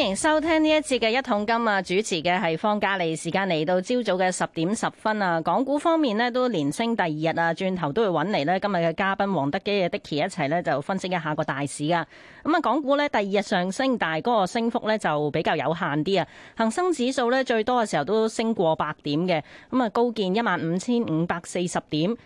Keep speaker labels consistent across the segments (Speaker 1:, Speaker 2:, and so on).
Speaker 1: 歡迎收聽呢一節嘅一桶金啊！主持嘅係方家利，時間嚟到朝早嘅十點十分啊！港股方面咧，都連升第二日啊，轉頭都會揾嚟咧。今日嘅嘉賓黃德幾啊，Dicky 一齊咧就分析一下個大市噶。咁啊，港股咧第二日上升，但係嗰個升幅咧就比較有限啲啊。恒生指數咧最多嘅時候都升過百點嘅，咁啊高見一萬五千五百四十點。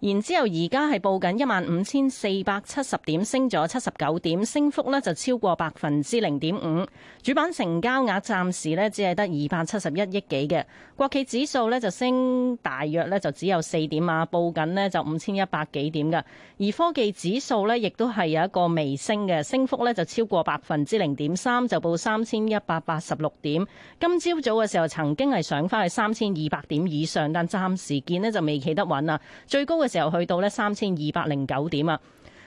Speaker 1: 然之後，而家係報緊一萬五千四百七十點，升咗七十九點，升幅呢就超過百分之零點五。主板成交額暫時呢只係得二百七十一億幾嘅。國企指數呢就升大約呢就只有四點啊，報緊呢就五千一百幾點㗎。而科技指數呢亦都係有一個微升嘅，升幅呢就超過百分之零點三，就報三千一百八十六點。今朝早嘅時候曾經係上翻去三千二百點以上，但暫時見呢就未企得穩啊，最高嘅時候去到呢三千二百零九點啊！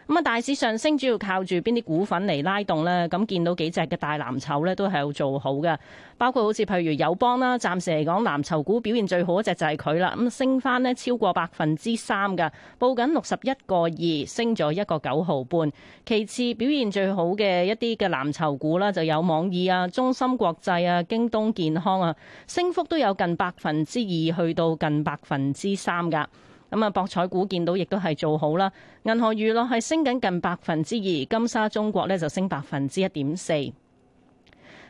Speaker 1: 咁啊，大市上升主要靠住邊啲股份嚟拉動呢？咁見到幾隻嘅大藍籌呢，都係有做好嘅，包括好似譬如友邦啦。暫時嚟講，藍籌股表現最好嗰隻就係佢啦。咁升翻呢，超過百分之三噶，報緊六十一個二，升咗一個九毫半。其次表現最好嘅一啲嘅藍籌股啦，就有網易啊、中芯國際啊、京東健康啊，升幅都有近百分之二，去到近百分之三噶。咁啊，博彩股見到亦都係做好啦。銀河娛樂係升緊近百分之二，金沙中國咧就升百分之一點四。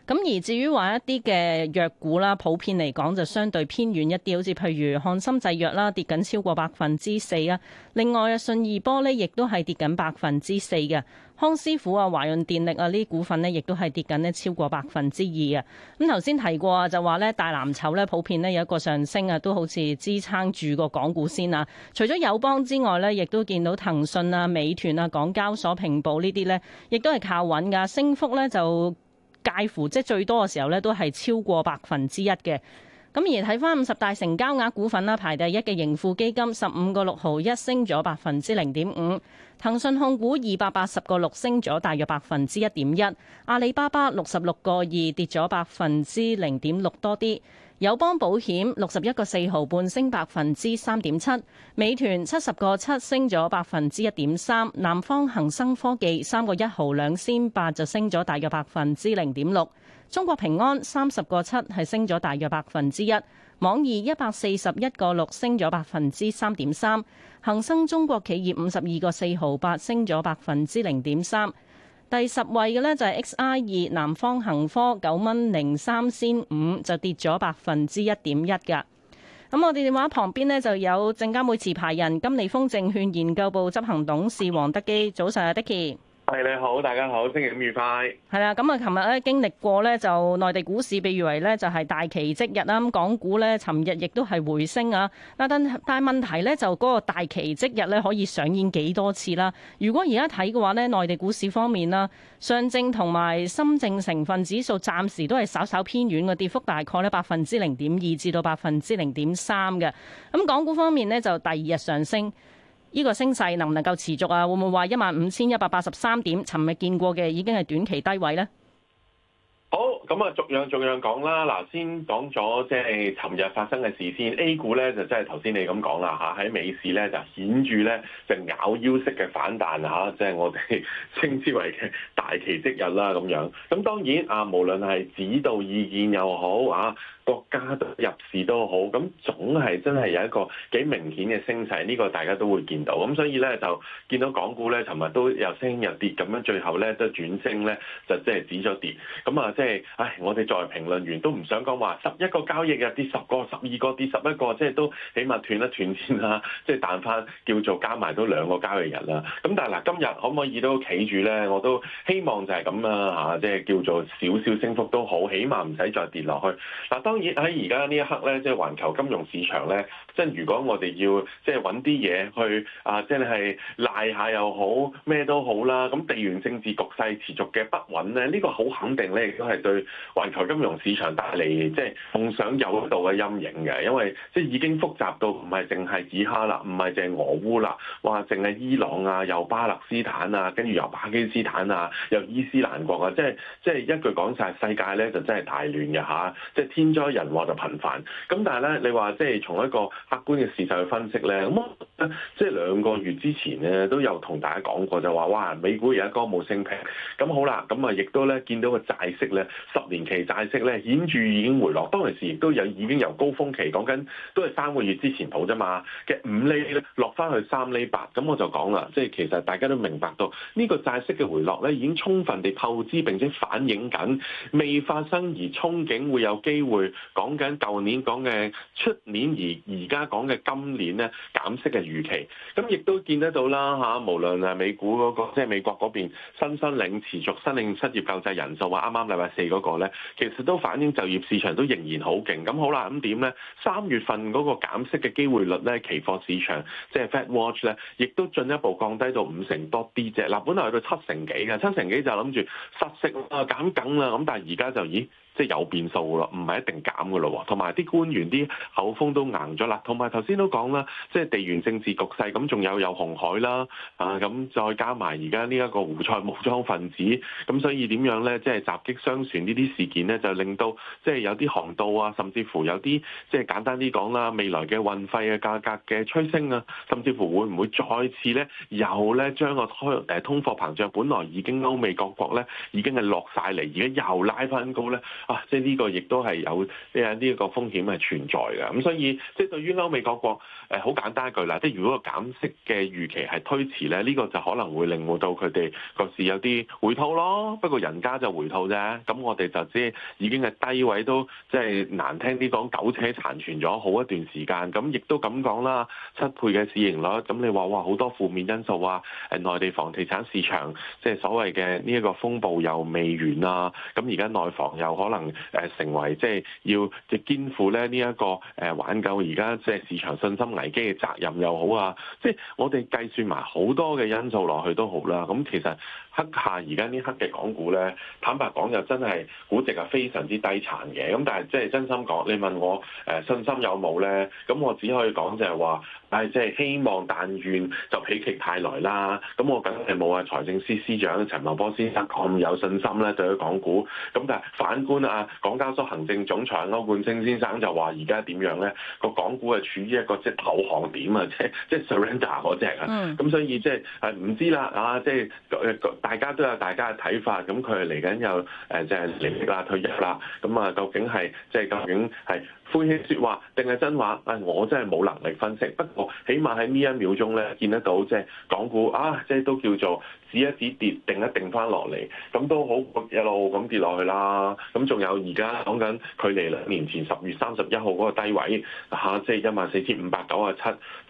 Speaker 1: 咁而至於話一啲嘅藥股啦，普遍嚟講就相對偏軟一啲，好似譬如漢森製藥啦，跌緊超過百分之四啊。另外啊，信義波呢亦都係跌緊百分之四嘅。康師傅啊，華潤電力啊，呢啲股份呢，亦都係跌緊咧超過百分之二啊。咁頭先提過啊，就話呢大藍籌呢，普遍呢有一個上升啊，都好似支撐住個港股先啊。除咗友邦之外呢，亦都見到騰訊啊、美團啊、港交所平保呢啲呢，亦都係靠穩㗎，升幅呢就。介乎即係最多嘅時候咧，都係超過百分之一嘅。咁而睇翻五十大成交額股份啦，排第一嘅盈富基金十五個六毫一升咗百分之零點五，騰訊控股二百八十個六升咗大約百分之一點一，阿里巴巴六十六個二跌咗百分之零點六多啲，友邦保險六十一個四毫半升百分之三點七，美團七十個七升咗百分之一點三，南方恒生科技三個一毫兩仙八就升咗大約百分之零點六。中國平安三十個七係升咗大約百分之一，網易一百四十一個六升咗百分之三點三，恒生中國企業五十二個四毫八升咗百分之零點三，第十位嘅呢就係 XI 二南方恒科九蚊零三仙五就跌咗百分之一點一噶。咁我哋電話旁邊呢就有證監會持牌人金利豐證券研究部執行董事黃德幾，早晨阿 Dickie。
Speaker 2: 係你好，
Speaker 1: 大家好，星期五愉快。係啦，咁啊，琴日咧經歷過咧，就內地股市被譽為咧就係大奇蹟日啦。咁港股咧，尋日亦都係回升啊。但但係問題咧，就嗰個大奇蹟日咧，可以上演幾多次啦？如果而家睇嘅話咧，內地股市方面啦，上證同埋深證成分指數暫時都係稍稍偏軟嘅，跌幅大概咧百分之零點二至到百分之零點三嘅。咁港股方面咧，就第二日上升。呢個升勢能唔能夠持續啊？會唔會話一萬五千一百八十三點，尋日見過嘅已經係短期低位呢？
Speaker 2: 好咁啊，逐樣逐樣講啦。嗱，先講咗即係尋日發生嘅事先。A 股咧就真係頭先你咁講啦嚇，喺美市咧就顯著咧就咬腰式嘅反彈嚇，即係我哋稱之為嘅大奇蹟日啦咁樣。咁當然啊，無論係指導意見又好啊，國家入市都好，咁總係真係有一個幾明顯嘅升勢，呢個大家都會見到。咁所以咧就見到港股咧尋日都由升入跌咁樣，最後咧都轉升咧，就即係止咗跌。咁啊即即係，唉，我哋作為評論員都唔想講話十一個交易日跌十個、十二個跌十一個，即係都起碼斷一斷先啦。即係彈翻叫做加埋都兩個交易日啦。咁但係嗱，今日可唔可以都企住咧？我都希望就係咁啦嚇，即係叫做少少升幅都好，起碼唔使再跌落去。嗱、啊，當然喺而家呢一刻咧，即係環球金融市場咧，即係如果我哋要即係揾啲嘢去啊，即係賴下又好，咩都好啦。咁地緣政治局勢持續嘅不穩咧，呢、呢個好肯定咧，亦都係。係對環球金融市場帶嚟即係夢想有度嘅陰影嘅，因為即係、就是、已經複雜到唔係淨係以哈啦，唔係淨係俄烏啦，哇，淨係伊朗啊，又巴勒斯坦啊，跟住又巴基斯坦啊，又伊斯蘭國啊，即係即係一句講晒世界咧就真係大亂嘅吓，即、就、係、是、天災人禍就頻繁。咁但係咧，你話即係從一個客觀嘅事實去分析咧，咁。即係兩個月之前咧，都有同大家講過就話，哇，美股而家歌舞升平。咁好啦，咁啊，亦都咧見到個債息咧，十年期債息咧，顯著已經回落。當其時亦都有已經由高峰期講緊，說說都係三個月之前好啫嘛嘅五釐落翻去三厘八。咁我就講啦，即係其實大家都明白到呢個債息嘅回落咧，已經充分地透支並且反映緊未發生而憧憬會有機會講緊舊年講嘅出年而而家講嘅今年咧減息嘅預期，咁亦都見得到啦嚇、啊，無論係美股嗰、那個，即、就、係、是、美國嗰邊新申領持續申領失業救濟人數，或啱啱禮拜四嗰個咧，其實都反映就業市場都仍然好勁。咁好啦，咁點咧？三月份嗰個減息嘅機會率咧，期貨市場即係 Fed Watch 咧，亦都進一步降低到五成多啲啫。嗱，本來去到七成幾嘅，七成幾就諗住失勢啊減緊啦，咁但係而家就咦？即係有變數噶咯，唔係一定減噶咯喎。同埋啲官員啲口風都硬咗啦。同埋頭先都講啦，即係地緣政治局勢咁，仲有有紅海啦啊，咁再加埋而家呢一個胡塞武裝分子，咁所以點樣咧？即係襲擊商船呢啲事件咧，就令到即係有啲航道啊，甚至乎有啲即係簡單啲講啦，未來嘅運費嘅價格嘅趨升啊，甚至乎會唔會再次咧又咧將個通誒通貨膨脹，本來已經歐美各國咧已經係落晒嚟，而家又拉翻高咧？啊，即係呢個亦都係有即係呢一個風險係存在嘅，咁所以即係對於歐美各國，誒、呃、好簡單一句啦，即係如果個減息嘅預期係推遲咧，呢個就可能會令到到佢哋個市有啲回吐咯。不過人家就回吐啫，咁我哋就知已經係低位都即係難聽啲講苟且殘存咗好一段時間。咁亦都咁講啦，七倍嘅市盈率，咁你話哇好多負面因素啊，誒內地房地產市場即係所謂嘅呢一個風暴又未完啊，咁而家內房又可能。可能誒成為即係要即係肩負咧呢一個誒挽救而家即係市場信心危機嘅責任又好啊！即係我哋計算埋好多嘅因素落去都好啦，咁其實。刻下而家呢刻嘅港股咧，坦白講就真係估值係非常之低殘嘅。咁但係即係真心講，你問我誒信心有冇咧？咁我只可以講就係話，誒即係希望，但願就喜極泰來啦。咁我梗係冇啊！財政司司長陳茂波先生講咁有信心咧，對於港股。咁但係反觀啊，港交所行政總裁歐冠昇先生就話而家點樣咧？個港股係處於一個即投降點、嗯就是、啊，即即 surrender 嗰隻啊。咁所以即係誒唔知啦啊，即係一大家都有大家嘅睇法，咁佢嚟緊又誒，即係離職啦、退休啦，咁啊，究竟係即係究竟係。晦氣説話定係真話？誒、哎，我真係冇能力分析。不過，起碼喺呢一秒鐘咧，見得到即係港股啊，即係都叫做止一止跌，定一定翻落嚟。咁都好一路咁跌落去啦。咁仲有而家講緊距離兩年前十月三十一號嗰個低位嚇、啊，即係一萬四千五百九啊七。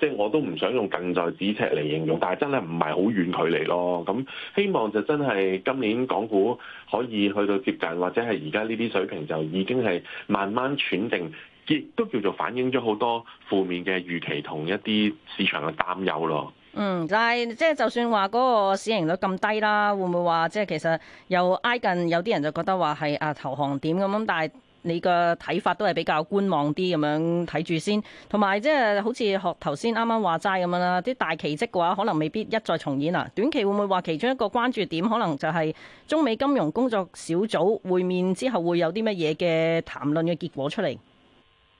Speaker 2: 即係我都唔想用近在咫尺嚟形容，但係真係唔係好遠距離咯。咁希望就真係今年港股可以去到接近，或者係而家呢啲水平，就已經係慢慢喘定。亦都叫做反映咗好多負面嘅預期同一啲市場嘅擔憂咯。嗯，
Speaker 1: 但係即係就算話嗰個市盈率咁低啦，會唔會話即係其實又挨近？有啲人就覺得話係啊，投行點咁樣，但係你個睇法都係比較觀望啲咁樣睇住先。同埋即係好似學頭先啱啱話齋咁樣啦，啲大奇蹟嘅話可能未必一再重演啊。短期會唔會話其中一個關注點可能就係中美金融工作小組會面之後會有啲乜嘢嘅談論嘅結果出嚟？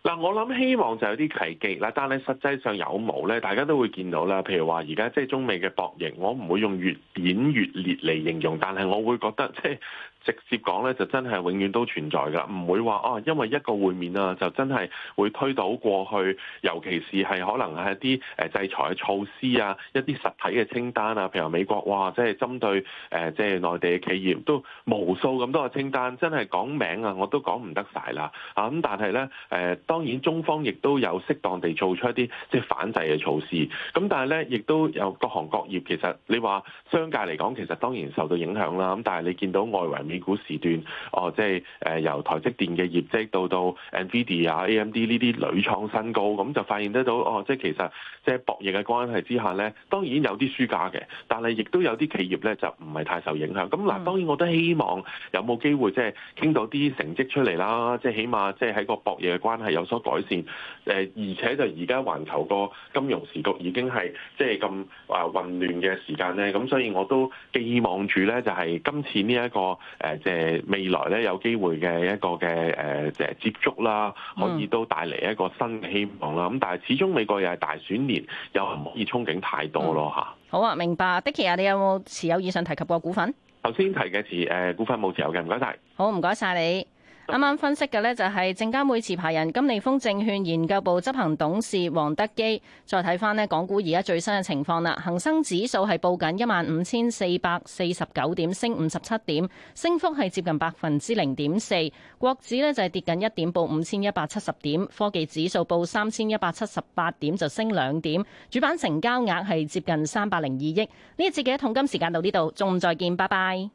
Speaker 2: 嗱，我諗希望就有啲奇蹟啦，但係實際上有冇呢，大家都會見到啦。譬如話，而家即係中美嘅博弈，我唔會用越演越烈嚟形容，但係我會覺得即係。直接講咧，就真係永遠都存在㗎喇，唔會話哦、啊，因為一個會面啊，就真係會推到過去，尤其是係可能係一啲誒制裁嘅措施啊，一啲實體嘅清單啊，譬如話美國哇，即係針對誒、呃、即係內地嘅企業都無數咁多嘅清單，真係講名啊我都講唔得晒啦，啊咁，但係咧誒當然中方亦都有適當地做出一啲即係反制嘅措施，咁、啊、但係咧亦都有各行各業，其實你話商界嚟講，其實當然受到影響啦，咁但係你見到外圍。美股時段哦，即係誒由台積電嘅業績到到 NVIDIA 啊、AMD 呢啲屢創新高，咁就發現得到哦，即係其實即係博弈嘅關係之下咧，當然有啲輸家嘅，但係亦都有啲企業咧就唔係太受影響。咁嗱，當然我都希望有冇機會即係傾到啲成績出嚟啦，即係起碼即係喺個博弈嘅關係有所改善。誒，而且就而家環球個金融時局已經係即係咁啊混亂嘅時間咧，咁所以我都寄望住咧就係今次呢、這、一個。誒即係未來咧有機會嘅一個嘅誒即係接觸啦，可以都帶嚟一個新嘅希望啦。咁但係始終美國又係大選年，又唔可以憧憬太多咯嚇。
Speaker 1: 好啊，明白。Dicky 啊，你有冇持有以上提及過股份？
Speaker 2: 頭先提嘅係誒股份冇持有嘅，唔該晒。
Speaker 1: 好，唔該晒你。啱啱分析嘅呢，就係證監會持牌人金利豐證券研究部執行董事黃德幾，再睇翻呢港股而家最新嘅情況啦。恒生指數係報緊一萬五千四百四十九點，升五十七點，升幅係接近百分之零點四。國指呢，就係跌緊一點，報五千一百七十點。科技指數報三千一百七十八點，就升兩點。主板成交額係接近三百零二億。呢一節嘅一桶金時間到呢度，中午再見，拜拜。